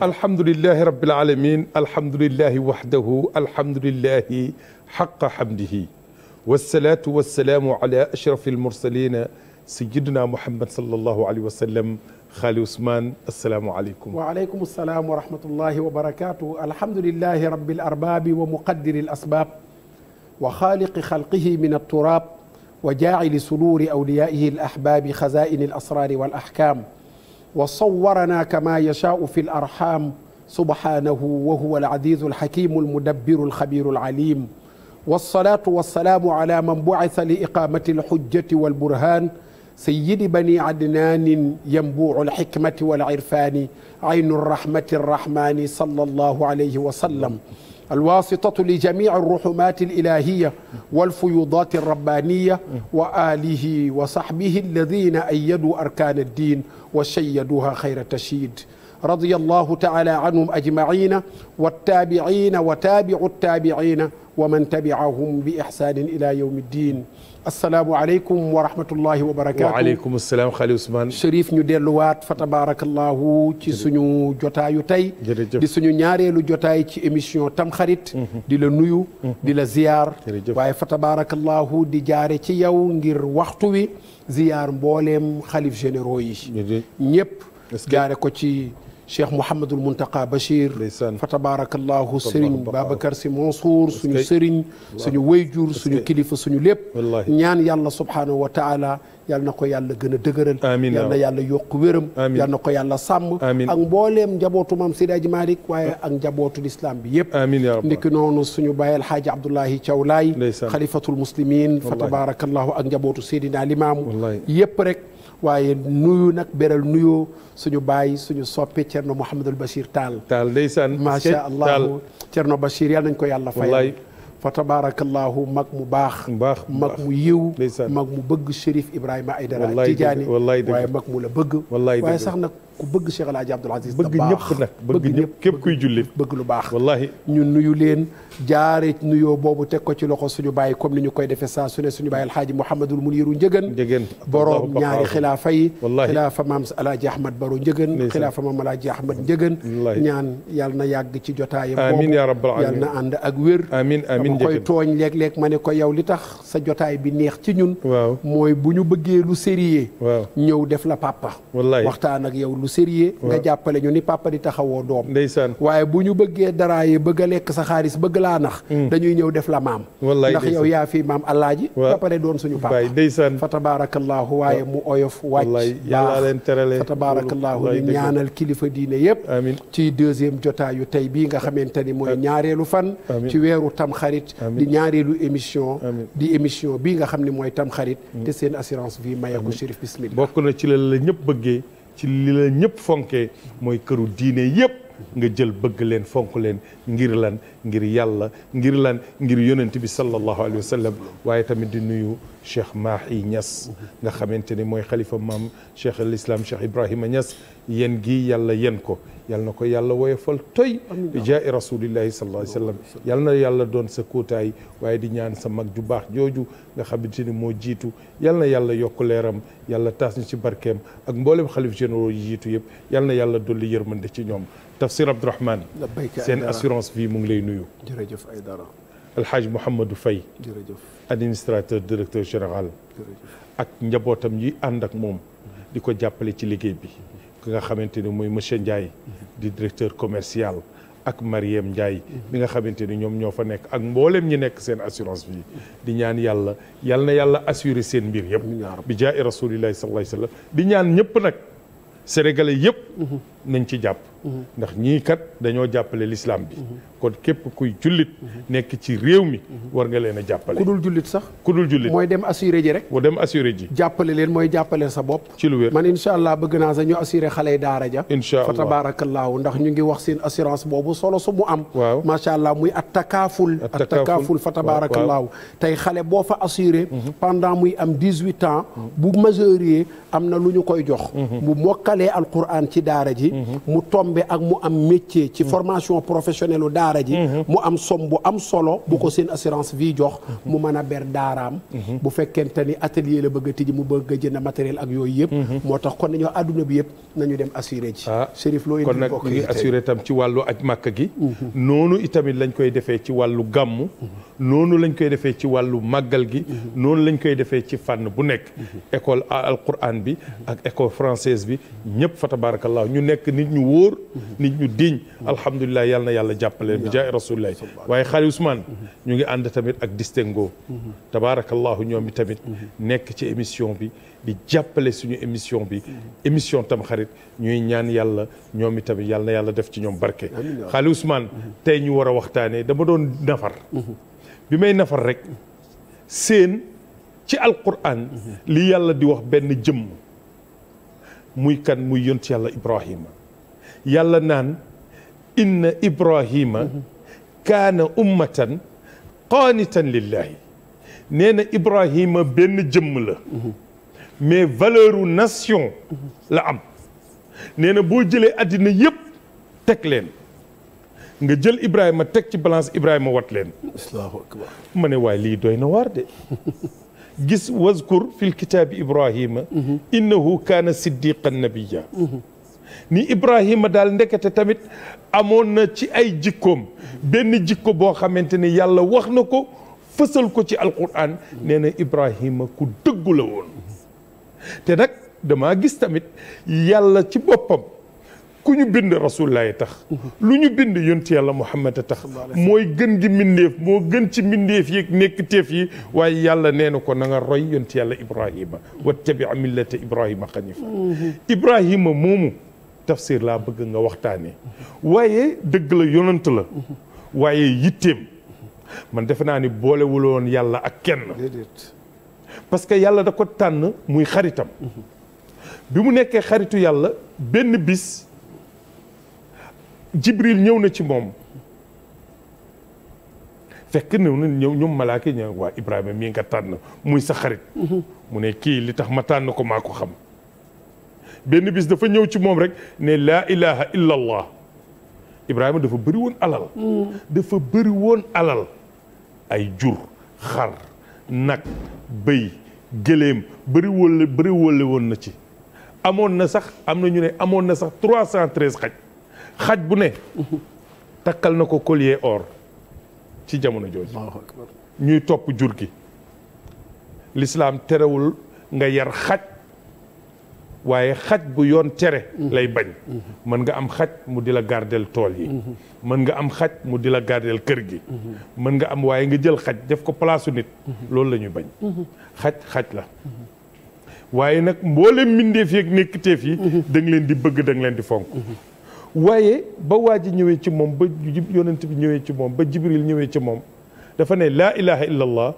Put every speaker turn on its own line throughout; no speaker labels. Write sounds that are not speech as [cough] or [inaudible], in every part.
alhamdulilahi rabbil alamin alhamdulilahi waxdahu alhamdulilahi xaqa xamdihi wasalaatu wasalaamu ala ashrafi almursalina sayidina muhammad salallahu alayhi wa sallam xaali Ousmane asalaamualeykum.
waaleykum salaam wa rahmatullahi wa barakaatu. alhamdulilahi rabbil arbaabi wa muqaddiri asbaab. wa xaaliqi xalqihi min atturaab. wa jaacili suduuri awliyaaihi al ahbaabi xazaa'ini al asraari wal ahkaam. wa sawwaranaa kamaa yashaau fi l-arxaam subhaanahu wa huwa al-aziizu al-xakiimu al-mudabbiru al-xabiiru al-aliim wassalaatu wassalaamu alaa man bu'isa li iqaamati al-xujjati wal-burhaan sayyidi bani adnaanin yanbuucu al-xikmati wal-irfaani aynu rahmati ar-rahmaani sallallahu alayhi wa sallam الواسطة لجميع الرحمات الإلهية والفيوضات الربانية وآله وصحبه الذين أيدوا أركان الدين وشيدوها خير تشييد رضي الله تعالى عنهم أجمعين والتابعين وتابع التابعين ومن تبعهم بإحسان إلى يوم الدين asalaamualeykum wa rahmatullahi wa barakaatu waaleykum
salaam Xali Ousmane
Chérif ñu delluwaat fa tabaarakallahu ci suñu jotaayu tey di suñu ñaareelu jotaay ci émission tamxarit mm-hmm. di la nuyu mm-hmm. di la ziyaar waaye fa tabaarakallahu di jaare ci yow ngir waxtu wi ziyaar mbooleem xalif généraux yi ñëpp jaare ko ci cheikh Mouhamadul Mountakha Bachir. fa tabaarakallaahu sëriñ Babacar Si Mansour suñu sëriñ. suñu wayjur suñu kilifa suñu lépp. ñaan yàlla subhaanahu wa taala na ko yàlla gën a dëgëral. amiin yal yàlla yokk wéram. yal na ko yàlla sàmm. ak mbooleem njabootu maam Seydi Hadji Malick waaye ah. ak njabootu lislaam
bi yëpp. amiin yaa rabbi
ndiki noonu suñu bàyyi El Hadj Abdoulahi Thiaw Laay. xalifatul muslimin fa tabaarakallaahu ak njabootu Seydina Limaamu yëpp rek. waaye nuyu nag beral nuyoo suñu baay suñu soppe Thierno Mouhamadul Bachir Tall.
Tall ndeysaan macha allah
Thierno Bachir yal nañ ko yàlla fayal. fa tabarakallahu mag mu baax. baax mag mu yiw. mag mu bëgg Chérif Ibrahima Aïdara Tidiane waaye mag mu la bëgg. waaye sax nag. ku bëgg Cheikh El Hadj Abdoul Aziz bëgg ñëpp
bëgg ñëpp képp kuy jullit bëgg lu baax wallaahi
ñu nuyu leen jaare nuyoo boobu teg ko ci loxo suñu bàyyi comme ni ñu koy defee saa su ne suñu bàyyi alhaaji Mouhamadul Muniru Njëgën Njëgën boroom ñaari xilaafa yi xilaafa maam alaaji Ahmad Baro Njëgën xilaafa maam alaaji Ahmad
Njëgën ñaan
yal na yàgg ci jotaayam amiin yaa rabbal aalamiin yàlla na
ànd ak wér amiin amiin koy
tooñ léeg-léeg ma ne ko yaw li tax sa jotaay bi neex ci ñun mooy bu ñu bëggee lu sérieux ñëw def la papa waxtaan ak yow lu sérieux nga jàppale ñu ni papa di taxawoo doom ndeysaan waaye bu ñu bëggee dara yi bëgg a lekk sa xaaris bëgg laa nax hmm. dañuy ñëw def la maam ndax yow yaa fii maam allaaj ba doon suñu
papa ndeysaan fa
tabaarakallaahu waaye mu oyof wàcc yàlla
leen terale fa tabaarakallaahu ñu ñaanal
kilifa diine yëpp ci deuxième jotaayu tey bii nga xamante ni mooy ñaareelu fan ci weeru
tam xarit di
ñaareelu émission di émission bii nga xam ni mooy tam xarit te hmm. seen assurance vie maye ko Chérif bismillah
bokk ci la la ñëpp bëggee ci li la ñëpp fonkee mooy këru diine yëpp nga jël bëgg leen fonk leen ngir lan ngir yàlla ngir lan ngir yonent bi sallallahu alayhi wa sallam waaye tamit di nuyu Cheikh Mahi ñas nga xamante ni mooy xalifa maam Cheikh al Islam Cheikh Ibrahima yen gi yàlla yen ko yal na ko yàlla woyofal toy bi jaa'i rasulillahi sallallahu alayhi wasallam yal na yàlla doon sa kóotaay waaye di ñaan sa mag ju baax jooju nga xamante ni moo jiitu yal na yàlla yokk leeram yàlla taas ñu ci barkeem ak mboolem xalif généraux jiitu yëpp yal na yàlla dolli yërmande ci ñoom Tafsir Abdourahmane
seen assurance
vie mu ngi lay nuyu
jërëjëf ay dara
alhaaj Mouhamadou Faye jërëjëf administrateur directeur général ak njabootam yi ànd ak moom di ko jàppale ci liggéey bi ki nga xamante ni mooy monsieur Ndiaye di directeur commercial ak mariyem Ndiaye bi nga xamante ni ñoom ñoo fa nekk ak mboolem ñi nekk seen assurance bi di ñaan yàlla yal na yàlla assurer seen mbir yëpp bi jaay rasulillahi sallallahu alayhi wa sallam di ñaan ñëpp nag sénégalais yëpp mhm. nañ ci jàpp ndax ñii kat dañoo jàppale l'islam bi kon képp kuy jullit nekk ci réew mi war nga leen a jàppale ku jullit sax ku dul jullit mooy dem assuré ji rek wa dem assuré ji
jàppale leen mooy jàppale sa bopp ci lu wér man incha allah bëgg naa sax ñu assuré xale yi daara ja incha allah fa tabaarakallaahu ndax ñu ngi wax seen assurance boobu solo su mu am waaw macha allah muy at takaaful at takaaful fa tabaarakallaahu tey xale boo fa assuré mhm. pendant muy am dix huit ans bu yi am na lu ñu koy jox mhm. bu mokkalee daara ji ji mu tombe ak mu am métier ci formation professionnelle u daara ji mu am som bu am solo bu ko seen assurance vie jox mu mën a ber daaraam bu fekkente ni atelier la bëgg a tijji mu bëgg a jënd matériel ak yooyu yëpp moo tax kon nañu adduna bi yëpp nañu dem assuré ji
ah, Chérif looy kon nag ñu ngi assuré tam ci wàllu ak màkk gi mhm. noonu tamit lañ koy defee ci wàllu gàmmu noonu lañ koy defee ci wàllu màggal gi mhm. noonu lañ koy defee ci fànn bu nekk mhm. école alquran bi ak école française bi ñëpp fa nit ñu wóor nit ñu diñ alhamdulilah yàlla na yàlla jàppale bi jaay rasulillah waaye xaali Ousmane ñu ngi ànd tamit ak distingo tabaarakallahu ñoom i tamit nekk ci émission bi di jàppale suñu émission bi émission tam xarit ñuy ñaan yàlla ñoom i tamit yàlla na yàlla def ci ñoom barke xaali Ousmane tey ñu war a waxtaanee dama doon nafar bi may nafar rek seen ci alquran li yàlla di wax benn jëmm muy kan muy yont yàlla ibrahima yàlla naan inna ibrahima mhm. kaana ummatan qaanitan lillahi nee na ibrahima benn jëmm la mhm. mais valeuru nation mhm. la am nee na boo jëlee àddina yépp teg leen nga jël ibrahima teg ci balance ibrahima wat leen ma ne waaye lii doy na waar de [laughs] gis wazkur fil kitaabi ibrahima innahu kaana siddiqan nabiya ni ibrahima daal ndekete tamit amoon na ci ay jikkoom benn jikko boo xamante ne yàlla wax na ko fësal ko ci alquran nee na ibrahima ku dëggu la woon te nag damaa gis tamit yàlla ci boppam ku ñu bind rasulullaay tax mhm. lu ñu bind yonti yàlla muhammad a tax mooy gën gi mbindeef moo gën ci mbindeef yi nekk teef yi waaye yàlla nee na ko na nga roy yonti yàlla ibrahima wattabi millata ibrahima xanifa mhm. ibrahima moomu tafsir laa bëgg nga waxtaane waaye dëgg la yonant la mhm. waaye yitteem man defe naa ni boolewuloon yàlla ak kenn parce que yàlla da ko tànn muy xaritam bi mu nekkee xaritu yàlla benn bis jibril ñëw na ci moom fekk ñëw ñëw ñoom malaaka ña waa ibrahima mii nga tànn muy sa xarit mu ne kii li tax ma tànn ko maa ko xam benn bis dafa ñëw ci moom rek ne laa ilaha illa allah ibrahima dafa bëri woon alal dafa bëri woon alal ay jur xar nag bëy gëléem bëri wólle bëri woon na ci amoon na sax am na ñu ne amoon na sax trois cent treize xaj xaj bu ne takkal na ko collier or ci jamono jooju ñuy topp jur gi lislaam terewul nga yar xaj waaye xaj bu yoon tere lay bañ mën nga am xaj mu di la gardeel tool yi mën nga am xaj mu di la gardeel kër gi mën nga am waaye nga jël xaj def ko palaasu nit loolu lañuy bañ xaj xaj la waaye nag mboolem mbindeef yeeg nekkateef yi da leen di bëgg da leen di fonk waaye ba waa ji ñëwee ci moom ba yonent bi ñëwee ci moom ba jibril ñëwee ci moom dafa ne laa ilaha illallah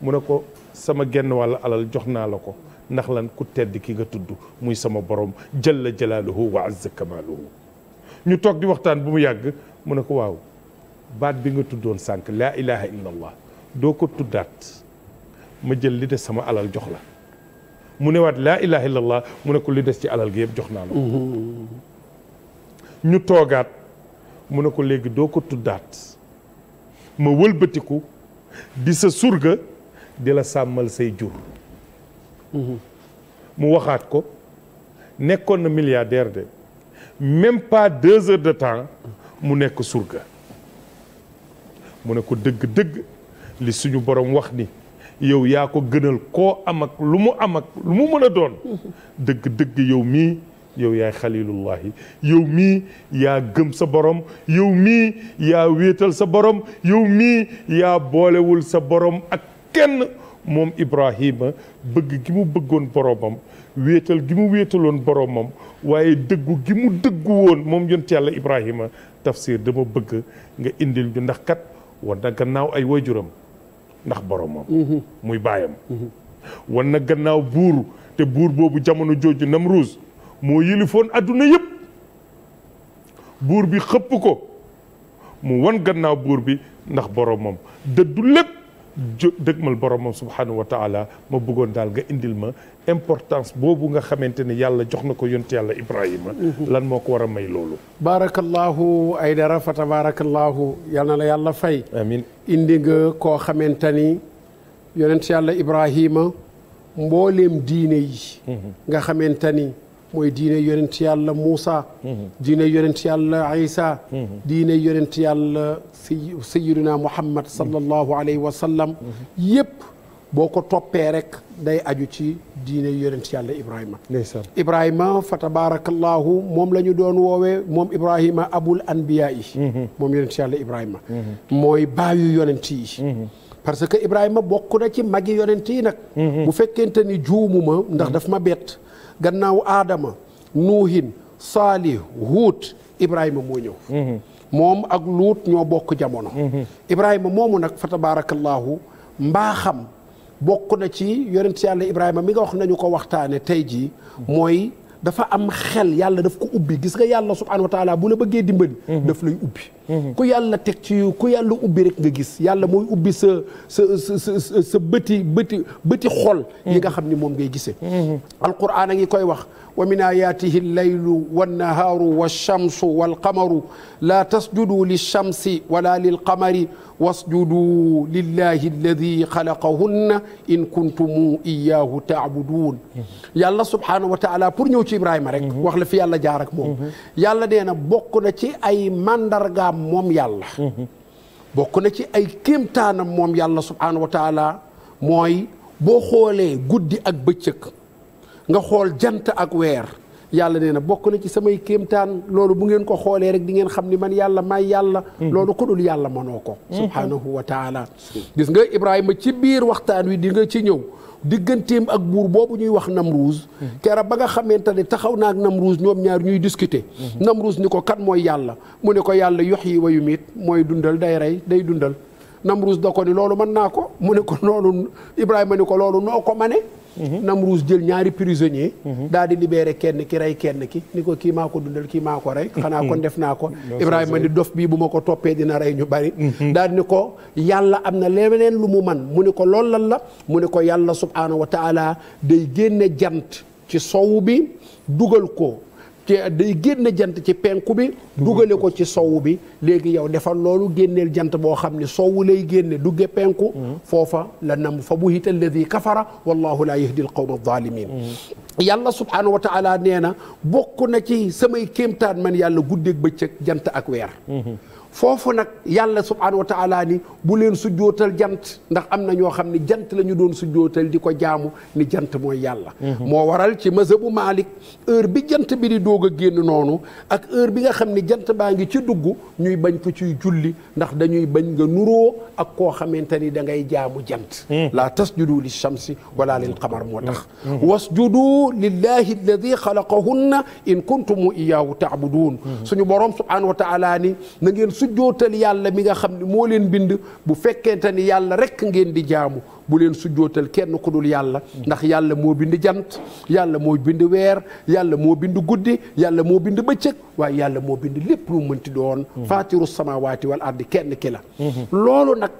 mu ne ko sama genn wàll alal jox naa la ko ndax lan ku tedd ki nga tudd muy sama borom jël jalla jalaaluhu wa azza kamaaluhu ñu toog di waxtaan bi mu yàgg mu ne ko waaw baat bi nga tuddoon sànq laa ilaha illallah doo ko tuddaat ma jël li des sama alal jox la mu newaat laa ilaha illallah mu ne ko li des ci alal gi yëpp jox naa la ñu toogaat mu ne ko léegi doo ko tuddaat ma wëlbatiku di sa surga di la sàmmal say jur mhm. mu waxaat ko nekkoon na milliardaire de même pas deux heures de temps mu nekk surga mu ne ko dëgg-dëgg li suñu borom wax ni yow yaa ko gënal koo am ak lu mu am ak lu mu mën a doon mhm. dëgg-dëgg yow mii yow yaay xalilullahi yow mii yaa gëm sa borom yow mii yaa wéetal sa borom yow mii yaa boolewul sa borom ak kenn moom Ibrahima bëgg gi mu bëggoon boromam wéetal gi mu wéetaloon boromam waaye dëggu gi mu dëggu woon moom yont yàlla Ibrahima tafsir dama bëgg nga indil ñu ndax kat war na gannaaw ay wajuram ndax boromam. Mhm. muy baayam. Mhm. war na gannaaw buur te buur boobu jamono jooju ruus moo yilifoon adduna yëpp buur bi xëpp ko mu wan gannaaw buur bi ndax boromam dëddu lépp jo dëgmal boromam subhanahu wa taala ma bëggoon daal nga indil ma importance boobu nga xamante ne yàlla jox na ko yont yàlla Ibrahima. Mhm. lan moo ko war a may loolu.
baarakallahu Aydara fa tabaarakallahu yàlla na yàlla fay. amiin indi nga koo xamante ni yonent yàlla Ibrahima mbooleem diine yi. Mhm. nga xamante mooy diine yonent yàlla Muusa diine yonent yàlla Isa diine yonent yàlla si sayiduna Muhammad sallallahu alayhi wa sallam yëpp boo ko toppee rek day aju ci diine yonent yàlla Ibrahima Ibrahima fa tabarakallahu moom la doon woowee moom Ibrahima abul anbiya yi moom yonent yàlla Ibrahima mooy baayu yonent yi parce que Ibrahima bokk na ci magi yonent yi nag mm-hmm. bu fekkente ni juumuma ndax daf ma bett gannaaw aadama nuuhin saalih huut ibrahima moo ñëw mhm. moom ak luut ñoo bokk jamono mhm. ibrahima moomu nag fa tabaarakallaahu xam bokk na ci yonent yàlla ibrahima mi nga wax nañu ko waxtaane tey jii mhm. mooy dafa am xel yàlla daf ko ubbi gis nga yàlla subhanahu wa taala bu la bëggee dimbali. Mhm. daf lay ubbi. Mhm. ku yàlla teg ci ku yàlla ubbi rek nga gis yàlla mooy ubbi sa sa sa sa bëti bëti bëti xol. yi mhm. nga xam ni moom ngay gisee. alquran a ngi koy wax. wa min ayaatihi allaylu wannahaaru walchamsu walqamaru laa tasjuduu lilchamsi wala lilqamari wasjuduu lillahi alladi xalaqahunna in kuntum iyaahu taabuduun yàlla subhaanahu wa taala pour ñëw ci Ibrahima rek mhm. wax la fi yàlla jaar ak moom mhm. yàlla nee na bokk na ci ay mandargaam moom yàlla mhm. bokk na ci ay kéemtaanam moom yàlla subhaanahu wa taala mooy boo xoolee guddi ak bëccëg nga xool jant ak weer yàlla nee na bokk na ci samay kéemtaan loolu bu ngeen ko xoolee rek di ngeen xam ni man yàlla may yàlla mm-hmm. loolu ku dul yàlla manoo ko mm-hmm. subhaanahu wa taala gis nga Ibrahima ci biir waxtaan wi di nga ci ñëw digganteem ak buur boobu ñuy wax Namruus mm-hmm. keroog ba nga xamante ne taxaw naa ak Namruus ñoom ñaar ñuy discuter Namruus ni ko kan mooy yàlla mu ne ko yàlla yox yi wa yumiit mooy dundal day rey day dundal Namruus da ko ni loolu mën naa ko mu ne ko loolu Ibrahima ni ko loolu noo ko mane Namruus jël ñaari prisonnier daal di libéré kenn ki rey kenn ki ni ko kii maa ko dundal kii maa ko rey [laughs] xanaa kon def naa ko Ibrahima ni dof bii bu ma ko toppee dina rey ñu bari mhm. daal di ni ko yàlla am na leneen lu mu man mu ni ko lool lan la mu ni ko yàlla subhaanahu wa taala day génne jant ci sowu bi dugal ko ci day génne jant ci penku bi dugale ko ci sowu bi léegi yow defal loolu génneel jant boo xam ne sowu lay génne dugge penku foofa la nam fa buhita alladi kafara wallahu laa yahdi al qawma alzalimin yàlla subhaanahu wa taala nee na bokk na ci samay kéemtaan man yàlla guddeeg bëccëg jant ak weer foofu nag yàlla subhaanahu wa taala ni bu leen sujjootal jant ndax am na ñoo xam ne jant la ñu doon sujjootal di ko jaamu ni jant mooy yàlla mhm. moo waral ci mazhabu Malik heure bi jant bi di doog a génn noonu ak heure bi nga xam ne jant baa ngi ci dugg ñuy bañ ko ciy julli ndax dañuy bañ nga nuroo ak koo xamante ni da ngay jaamu jant hmm. la tasjudu li shamsi wala lil qamar moo tax hmm. Hmm. wasjudu lillahi alladi xalaqahunna in kuntum iyaahu taabudun suñu borom subhaanahu wa taala ni na sujjootal yàlla mi nga xam ni moo leen bind bu fekkente ni yàlla rekk ngeen di jaamu bu leen sujjootal kenn ku dul yàlla ndax yàlla moo bind jant yàlla moo bind weer yàlla moo bind guddi yàlla moo bind bëccëg waaye yàlla moo bind lépp lu mënti doon mm-hmm. faatiru samawaati wal ardi kenn ki la mm-hmm. loolu nag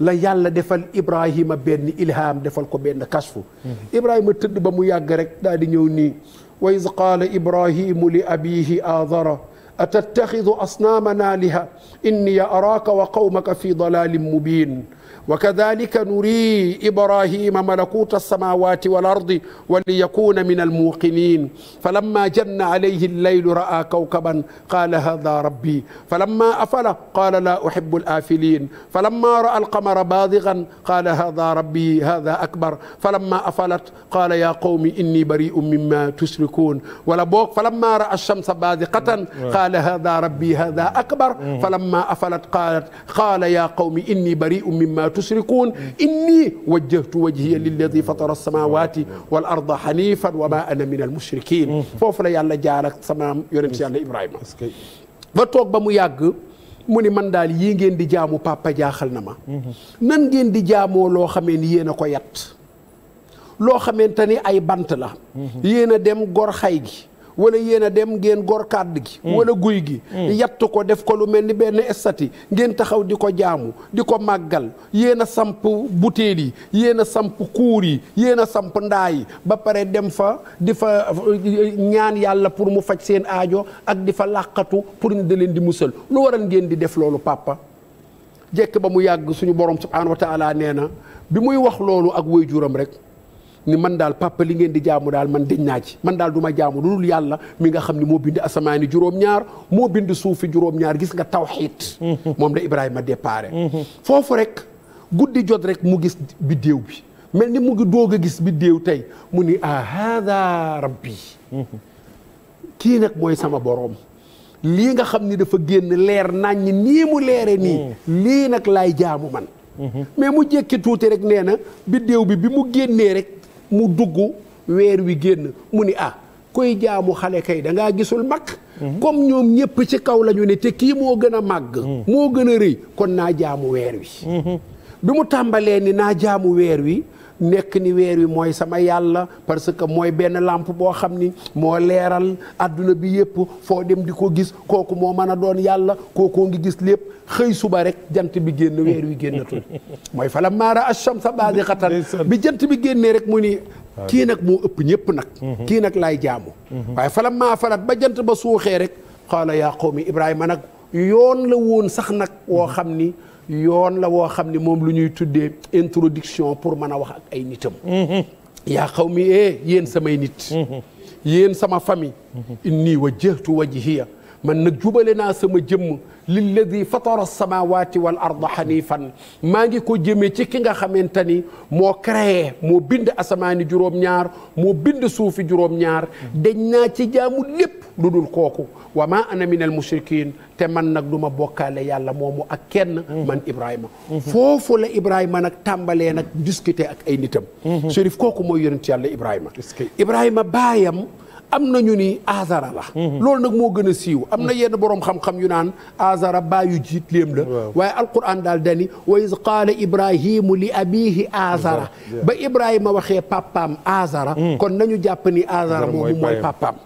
la yàlla defal ibrahima benn ilham defal ko benn kasfu mm-hmm. ibrahima tëdd ba mu yàgg rek daal di ñëw nii wa iz qaala ibrahimu li abihi aadara atattaxidu asnaamana liha inni araaka wa qawmaka fi dalalin mubin وكذلك نري إبراهيم ملكوت السماوات والأرض وليكون من الموقنين فلما جن عليه الليل رأى كوكبا قال هذا ربي فلما أفل قال لا أحب الآفلين فلما رأى القمر باضغا قال هذا ربي هذا أكبر فلما أفلت قال يا قوم إني بريء مما تشركون ولا بوك فلما رأى الشمس باذقة قال هذا ربي هذا أكبر فلما أفلت قالت قال يا قوم إني بريء مما tushrikuun inni wajjahtu wajhiya lilladi fatara samawati wal arda hanifan wa ma ana min al mushrikin foofu la yàlla jaar ak sama yonent yàlla Ibrahima ba toog ba mu yàgg mu ni man daal yii ngeen di jaamu papa jaaxal na ma mhm. nan ngeen di jaamoo loo xamee ni yéen a ko yat loo xamante ni ay bant la mhm. yéen a dem gor xay gi wala yéen a dem ngeen gor kàdd gi mm. wala guy gi mm. yattu ko def ko lu mel ni benn estati ngeen taxaw di ko jaamu di ko màggal yéen a samp butéel yi yéen a samp kuur yi yéen a samp ndaa yi ba pare dem fa di fa eh, ñaan yàlla pour mu faj seen aajo ak di fa làqatu pour ñu da leen di musal lu waral ngeen di def loolu papa jekk ba mu yàgg suñu borom subhaanahu wa taala nee na bi muy wax loolu ak waajuram rek ni man daal papa li ngeen di jaamu daal man deñ naa ci man daal du ma jaamu lu dul yàlla mi nga xam ne moo bind asamaani juróom-ñaar moo bind suufi juróom-ñaar gis nga tawxiit mhm. moom la Ibrahima déparé mhm. foofu rek guddi jot rek mu gis biddéew bi mel ni mu ngi doog a gis biddéew tey mu ni ah haada rabbi mhm. kii nag mooy sama boroom lii nga xam ni dafa génn leer naññ nii mu leere nii lii nag laay jaamu man mais mu jékki tuuti rek nee na biddéew bi bi mu génnee rek mu dugg weer wi génn mu ni ah koy jaamu xale kay da ngaa gisul mag mhm. comme ñoom ñëpp ci kaw lañu ñu ne te kii moo gën a màgg mhm. moo gën a rëy kon naa jaamu weer wi mhm. bi mu tàmbalee ni naa jaamu weer wi nekk ni weer wi mooy sama yàlla parce que mooy benn làmp boo xam ni moo leeral àdduna bi yépp foo dem di ko gis kooku moo mën a doon yàlla kookoo ngi gis lépp xëy suba rek jant bi génn weer wi génnatul [laughs] mooy fala maara bi jant bi génnee rek mu ni kii nag moo ëpp ñépp nag mhm. kii nag laay jaamu mhm. waaye fala maa falat ba jant ba suuxee rek qaala yaa qawmi Ibrahima nag yoon la woon sax nag woo mhm. xam ni yoon la woo xam ne moom lu ñuy tuddee introduction pour mën a wax ak ay nitam yaa xaw mi ee eh, yéen samay nit mm-hmm. yéen sama famille mm-hmm. inni wajjahtu wajhiya man nag jubale naa sama jëmm lilladi fatara samawati wal arda hanifan maa ngi ko jëmee ci ki nga xamante ni moo créé moo bind asamaani juróom-ñaar moo bind suufi juróom-ñaar dañ naa ci jaamu lépp lu dul kooku wa ma ana min al te man nag du ma bokkaale yàlla moomu ak kenn man Ibrahima foofu la Ibrahima nag tàmbalee nag discuter ak ay nitam mm-hmm. Chérif kooku mooy yonent yàlla Ibrahima Ibrahima baayam am nañu ni azara la mhm. loolu nag moo gën a siiw am na mhm. yenn boroom xam-xam yu naan azara yu jiit léem la waaye alquran daal dani wa iz qaala ibrahimu li abihi azara ba ibrahima waxee papaam azara mhm. kon nañu jàpp ni azara moomu mooy papaam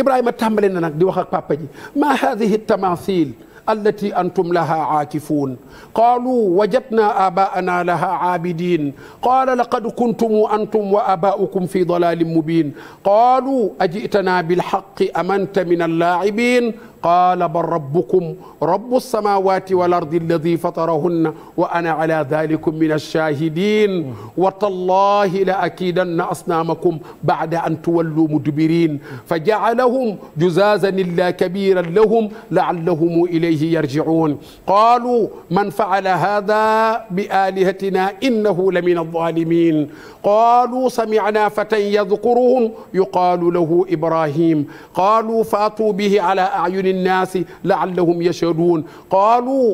ibrahima tàmbale na nag di wax ak papa ji ma hadihi tamasil allati antum laha aakifuun qaaluu wajadnaa aabaa'anaa lahaa caabidiin qaala laqad kuntum antum wa aabaa'ukum fi dalaalin mubiin qaaluu aji'tanaa bilxaqqi am anta min allaacibiin qaala bal rabbukum rabbu alsamawati wal ardi alladi fatarahunna wa ana ala dalikum min alshahidin wa tallahi la akidanna asnamakum bada an tuwallu mudbirin fa jacalahum juzazan illa kabiran lahum laallahum ilayhi yarjicuun qaalu man facala hada bialihatina innahu la min alzalimin qaalu samicna fatan yadkuruhum yuqaalu lahu ibrahim qaalu faatuu bihi ala acyunin للناس لعلهم يشهدون قالوا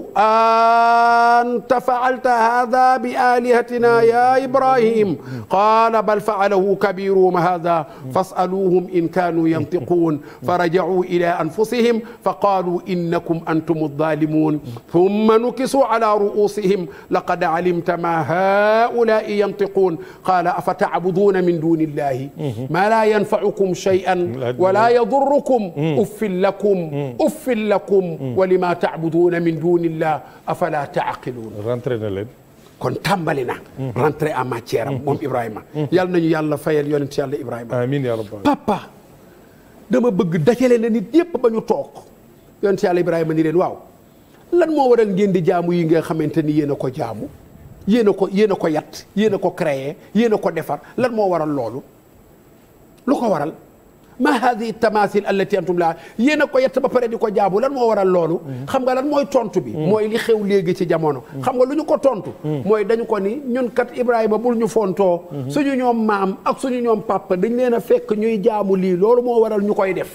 أنت فعلت هذا بآلهتنا يا إبراهيم قال بل فعله كبيرهم هذا فاسألوهم إن كانوا ينطقون فرجعوا إلى أنفسهم فقالوا إنكم أنتم الظالمون ثم نكسوا على رؤوسهم لقد علمت ما هؤلاء ينطقون قال أفتعبدون من دون الله ما لا ينفعكم شيئا ولا يضركم أف لكم Mm. uffil lakum mm. wa lima taabuduuna min dunillah afala taaqiluun rentré na leen kon tàmbali na mm. rentré en matière am moom Ibrahima yàlla nañu yàlla fayal yonent yàlla
Ibrahima amiin yaa
dama bëgg dajale na nit yépp ba ñu toog yonent yàlla Ibrahima ni leen waaw lan moo waral ngeen di jaamu yi nga xamante ni yéen a ko jaamu yéen a ko yéen a ko yat yéen a ko créé yéen a ko defar lan moo waral loolu lu ko waral ma hadihi tamasil allati antum laa yéen ko yett ba pare di ko jaabu lan moo waral loolu xam nga lan mooy tontu bi hmm. mooy li xew léegi ci jamono hmm. xam nga lu ñu ko tontu hmm. mooy dañu ko ni ñun kat Ibrahima bul ñu fontoo suñu ñoom maam ak suñu ñoom pàpp dañ leen a fekk ñuy jaamu lii loolu moo waral ñu koy def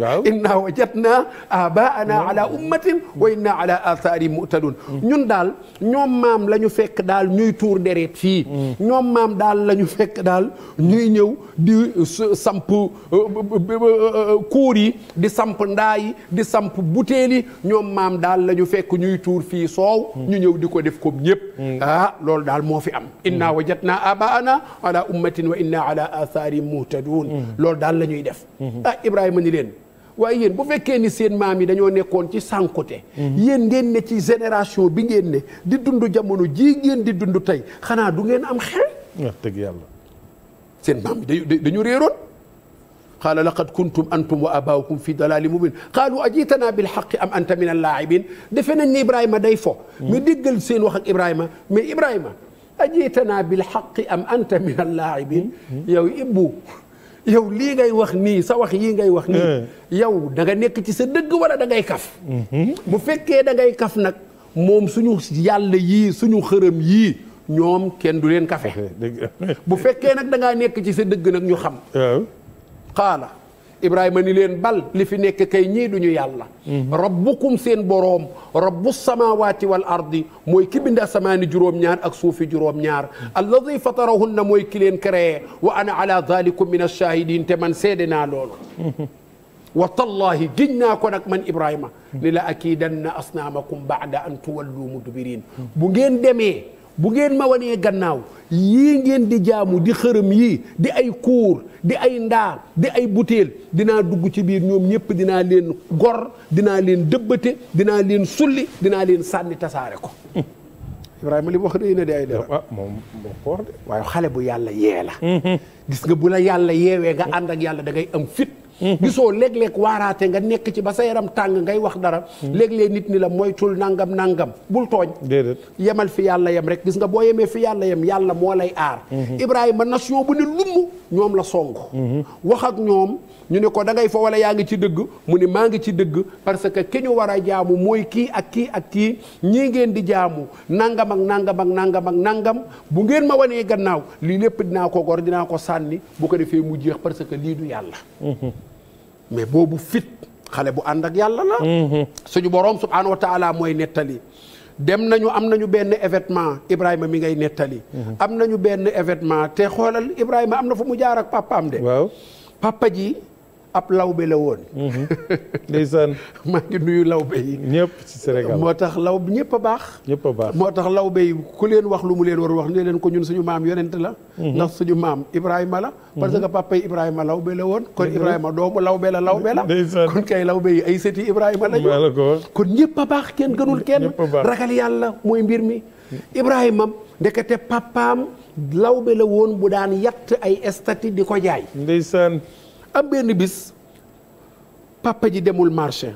waaw inna wajadna ana ala ummatin wa inna ala athari mu'tadun ñun daal ñoom maam la ñu fekk daal ñuy tuur deret fii mm. ñoom maam daal lañu ñu fekk daal ñuy ñëw di uh, samp uh, uh, kuur yi di samp ndaa yi di samp butéel yi ñoom maam daal la ñu fekk ñuy tuur fii soow mm. ñu ñëw di ko def comme ñëpp mm. ah loolu daal moo fi am inna wajadna abaana ala ummatin wa inna ala athari mu'tadun loolu daal la def mm-hmm. ah, Ibrahima ni leen waaye yéen bu fekkee ni seen maam yi dañoo nekkoon ci sànkute yéen ngeen ne ci génération bi ngeen ne di dund jamono jii ngeen di dund tey xanaa du ngeen am xel wax dëgg yàlla seen maam yi dañu réeroon qaala laqad kuntum antum wa abaawukum fi dalaali mubin qaalu ajiitanaa bilxaqi am anta min allaa'ibin defe nañ ni Ibrahima day fo hmm. mais déggal seen wax ak Ibrahima mais Ibrahima ajiitanaa bilxaqi am anta min allaa'ibin hmm. hmm. yow ibbu yow lii ngay wax nii sa wax yii ngay wax nii eh. yow da nga nekk ci sa dëgg wala dangay ngay kaf mm-hmm. bu fekkee da ngay kaf nag moom suñu yàlla yii suñu xërëm yii ñoom kenn du leen kafe eh, bu fekkee nag danga nekk ci sa dëgg nag ñu xam xaala eh. ibrahima ni leen bal li fi nekk kay ñii du ñu yàlla mhm. rabbukum seen boroom rabbu samawati wal ardi mooy ki bind asamaani juróom-ñaar ak suufi juróom-ñaar mhm. alladi fatarahunna mooy ki leen créé wa ana ala dalikum min alshahidin te man seede naa loolu mhm. wa tallahi giñ naa ko nag man ibrahima ni la akidanna asnaamakum baada an tuwallu mudbirin bu ngeen demee bu ngeen mawanee gannaaw yii ngeen di jaamu di xërëm yii di ay kuur di ay ndaa di ay butéel dinaa dugg ci biir ñoom ñëpp dinaa leen gor dinaa leen dëbbate dinaa leen sulli dinaa leen sànni tasaare ko [laughs] Ibrahima li mu wax rëy na di ay dara ah, ah moom moo ko de waaye xale bu yàlla yee la mm-hmm. gis nga bu la yàlla yeewee nga ànd ak yàlla dangay ngay am fit Mhm. gisoo léeg-léeg waaraate nga nekk ci ba sa yaram tàng ngay wax dara mhm. léeg-léeg nit ni la moytul nangam nangam bul tooñ yemal fi yàlla yem rek gis nga boo yemee fi yàlla yem yàlla moo lay aar mhm. Ibrahima nation bu ne lumm ñoom la song wax ak ñoom ñu ne ko da ngay fa yaa ngi ci dëgg mu ne maa ngi ci dëgg parce que ki ñu war a jaamu mooy ak kii ak kii ñii ngeen di jaamu nangam ak nangam ak nangam ak nangam bu ngeen ma wanee gannaaw lii lépp dinaa ko gor dinaa ko sànni bu ko defee mu jeex parce que lii du yàlla mais boobu fit xale bu ànd ak yàlla la. Mm-hmm. suñu borom subhaanahu wa mooy nettali. dem nañu am nañu benn événement Ibrahima mi ngay nettali. Mm-hmm. am nañu benn événement te xoolal Ibrahima am na fu mu jaar ak papaam de. waaw papa ji. ab lawbe la woon. Mhm. ndeysaan. [laughs] maa ngi nuyu lawbe yi. ñëpp ci moo tax law ñëpp a baax. ñëpp a moo tax lawbe yi ku leen wax lu mu leen war wax ne leen ko ñun suñu maam yonent la. Mhm. ndax suñu maam Ibrahima la. parce mhm. que papa Ibrahima lawbe la woon. kon Ibrahima doomu lawbe la lawbe la. kon kay lawbe yi ay sëti Ibrahima la ñu. kon ñëpp a baax kenn gënul kenn. ragal yàlla mooy mbir mi. Ibrahima ndekete papaam lawbe la woon bu daan yatt ay estati di ko jaay.
ndeysaan.
am benn bis papa ji demul marché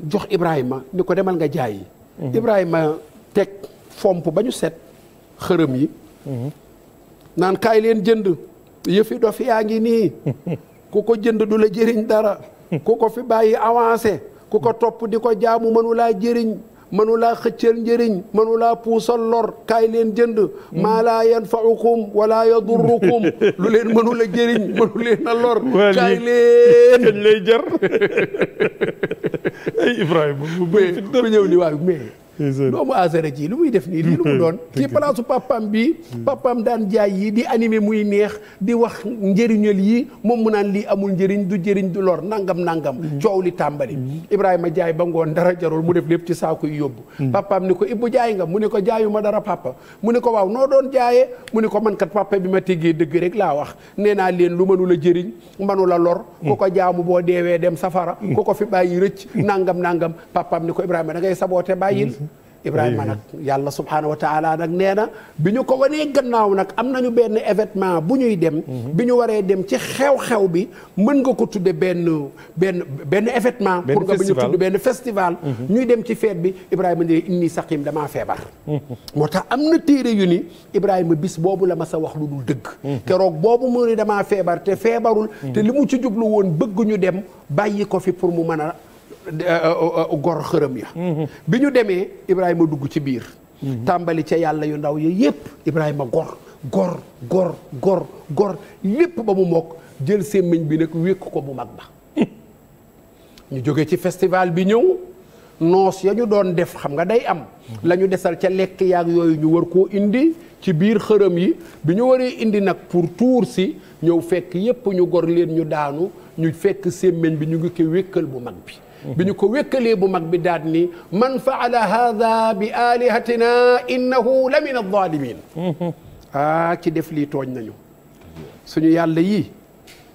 jox Ibrahima ni ko demal nga jaay. Mhm. Ibrahima teg fomp ba ñu set xërëm yi. Mhm. naan kaay leen jënd do dof yaa ngi nii. [laughs] ku ko jënd du la jëriñ dara. ku ko fi bàyyi avancé. ku ko topp di ko jaamu mënu laa jëriñ. mënulaa xëccal njëriñ mënulaa puusal lor kaay leen jënd maa laa yanfaukum wala yadurrukum [laughs] lu leen mënula jëriñ mënu [laughs] leen a lor kaay leen kañ lay jar [laughs] ay Ibrahima bu ñëw ni waaw mais doomu asara jii lu muy def nii lii lu mu [laughs] doon ci palaasu papam bi hmm. papam daan jaay yii di animé muy neex di wax njëriñal yii moom mu naan lii amul njëriñ du jëriñ du lor nangam nangam hmm. coow li tàmbali hmm. Ibrahima jaay ba ngoon dara jarul mu def lépp ci saaku yi yóbbu papam ni ko ibbu jaay nga mu ne ko jaayuma dara papa mu ne ko waaw noo doon jaayee mu ne ko man kat papa bi ma téggee dëgg rek laa wax nee naa leen lu mënu la jëriñ mënu lor ku ko jaamu boo deewee dem safara ku ko fi bàyyi rëcc nangam nangam papam ni ko Ibrahima da ngay saboote bàyyil Ibrahima nag yàlla subhaanahu wa taala nag nee na bi ñu ko wanee gannaaw nag am nañu benn événement bu ñuy dem. Mhm. bi ñu waree dem ci xew-xew bi mën nga ko tudde benn benn benn événement. pour nga bu ñu tudd benn festival. Mhm. ñuy dem ci feet bi Ibrahima ne inni saqim damaa feebar. Mhm. moo tax am na téere yu ni Ibrahima bis boobu la ma sa wax lu dul dëgg. keroog boobu mu damaa feebar te feebarul. te li mu ci jublu woon bëgguñu ñu dem bàyyi ko fi pour mu mën a. Euh, euh, euh, gor xërëm ya mm-hmm. bi ñu demee Ibrahima dugg ci biir mm-hmm. tàmbali ca yàlla yu ndaw ya yépp Ibrahima gor gor gor gor gor lépp ba mu mokk jël sémmiñ bi nag wékk ko bu mag ba [laughs] ñu jóge ci festival bi ñëw noos ya ñu doon def xam nga day am mm-hmm. lañu desal ca lekk yaag yooyu ñu war koo indi ci biir xërëm yi bi ñu waree indi nag pour tuur si ñëw fekk yépp ñu gor leen ñu daanu ñu fekk sémmiñ bi ñu ngi ko wékkal bu mag bi bi ñu ko wékkalee bu mag bi daat ni man faala hada bi alihatina innahu la min alzalimin [laughs] ah ki def lii tooñ nañu suñu yàlla yi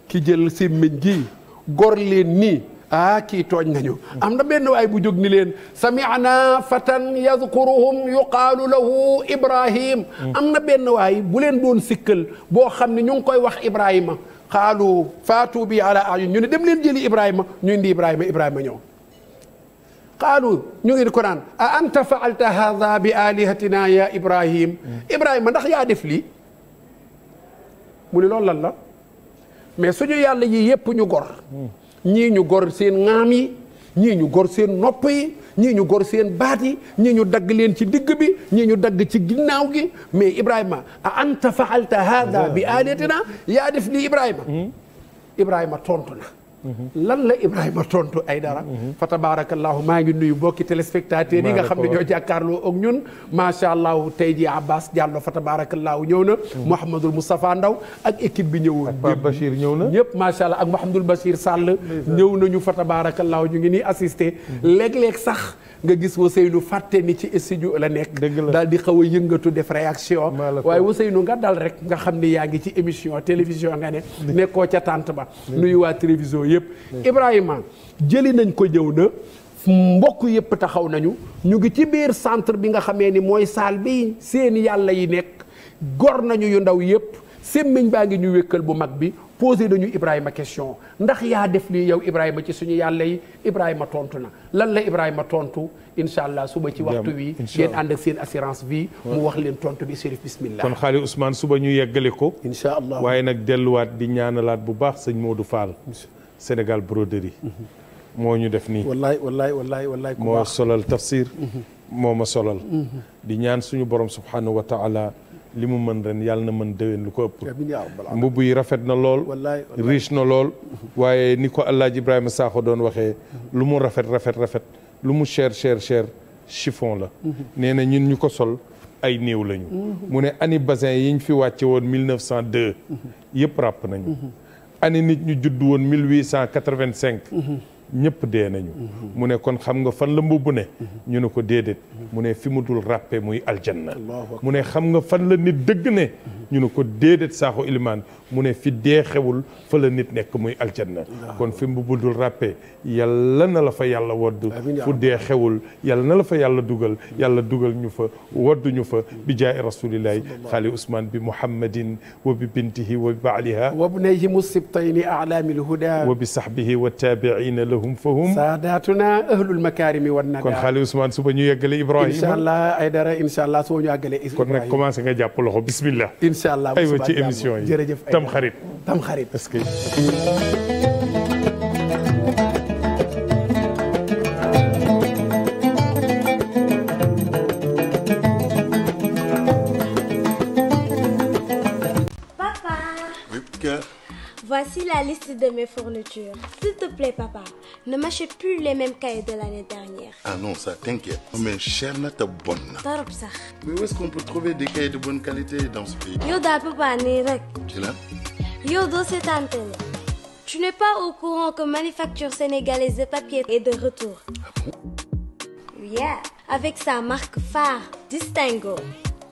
ki jël simmiñ gi gor leen nii ah kii tooñ nañu am na benn waay bu jóg ni leen sami'na fatan yadkuruhum yuqaalu lahu ibrahim mm. am na benn waay bu leen doon sikkal boo xam ne ñu ngi koy wax ibrahima xaalu faatu bi ala ayun ñu ne dem leen jëli Ibrahima ñu indi Ibrahima Ibrahima ñëw xaalu ñu ngi ko naan a anta faalta hada bi alihatina ya Ibrahim Ibrahima ndax yaa def lii mu ne loolu lan la mais suñu yàlla yi yëpp ñu gor hmm. ñii ñu gor seen ŋaam ñii ñu gor seen nopp yi ñii ñu gor seen baat yi ñii ñu dagg leen ci digg bi ñii ñu dagg ci ginnaaw gi mais Ibrahima a anta fa'alta hada bi aliatina yaa def lii Ibrahima hmm? Ibrahima tontu na Mm-hmm. lan la Ibrahima tontu ay dara. Mm-hmm. fa tabaarakallaahu maa ngi nuyu mbokki téléspectateurs yi nga xam ne ñoo jàkkaarloo ak ñun. macha allah tey jii Abbas Diallo fa tabaarakallaahu ñëw na. Mm-hmm. Mouhamadul Moustapha Ndaw ak équipe bi ñëwoon. ak Pape ñëw na ñëpp macha allah ak Mouhamadul Bachir Sall. ñëw nañu fa tabaarakallaahu ñu ngi nii assisté. léeg-léeg sax nga gis Ousseynou fàtte ni ci studio la nekk. daal di xaw a yëngatu def réaction. waaye Ousseynou nga dal rek nga xam ne yaa ngi ci émission télévision nga ne. nekkoo ca tànt yëpp Ibrahima jëli nañ ko jëw na mbokk yëpp taxaw nañu ñu ngi ci biir centre bi nga xamee ni mooy saal bi seen yàlla yi nekk gor nañu yu ndaw yëpp sémmiñ baa ngi ñu wékkal bu mag bi posé nañu Ibrahima question ndax yaa def lii yow Ibrahima ci suñu yàlla yi Ibrahima tontu na lan la Ibrahima tontu incha allah suba ci waxtu wi ngeen ànd ak seen assurance bi mu wax leen tontu bi Chérif bismillah kon
xaali Ousmane suba ñu yeggale ko incha allah waaye nag delluwaat di ñaanalaat bu baax sëñ Modou Fall Sénégal broderie. moo ñu def nii.
wallaay wallaay wallaay wallaay. moo
solal tafsir. Mhm. moo ma solal. Mhm. di ñaan suñu borom subhanahu wa li mu mën ren yàlla na mën déwén lu ko ëpp. mbubb yi rafet na lool. riche na lool. Mhm. waaye ni ko El Hadj Ibrahima doon waxee. lu mu rafet rafet rafet lu mu cher cher cher chiffon la. nee na ñun ñu ko sol ay néew lañu. mu ne ani bassin yiñ fi wàcce woon 1902. yëpp ràpp nañu. ani nit ñu judd woon mille huit cent quatre-vingt-cinq ñëpp dee nañu mu ne kon xam nga fan la mbubb ne ñu ne ko déedéet mu ne fi mu dul ràppe muy aljanna mu ne xam nga fan la nit dëgg ne ñu ne ko déedéet saaxu ilimaan mu ne fi dee xewul fa la nit nekk muy aljanna kon fi mu budul ràppe yàlla na la fa yàlla wodd fu dee xewul yàlla na la fa yàlla dugal mm. yàlla dugal ñu fa wodd fa mm. bi jaay rasulillahi xaali ousmane bi muhammadin wa bi bintihi wa bi baaliha
wa bnayhi musibtayni alaami lhuda
wa bi sahbihi wa taabiina lahum fahum
saadaatuna ahlul makaarimi wan nada kon
xaali ousmane suba ñu yeggale ibrahima incha
allah ay dara incha allah suba ñu àggale kon nag
commencé nga jàpp loxo bismillah incha allah aywa ci émission yi tam xarit tam xarit Voici la liste de mes fournitures. S'il te plaît, papa, ne m'achète plus les mêmes cahiers de l'année dernière. Ah non, ça t'inquiète. Oh, mais cher na te Torop sax. Mais où est-ce qu'on peut trouver des cahiers de bonne qualité dans ce pays? yow papa nii rek. ci la.
yow doo tu n'es pas au courant que Manufacture Sénégalaise de papier
est de retour. Ah avec sa marque phare Distingo.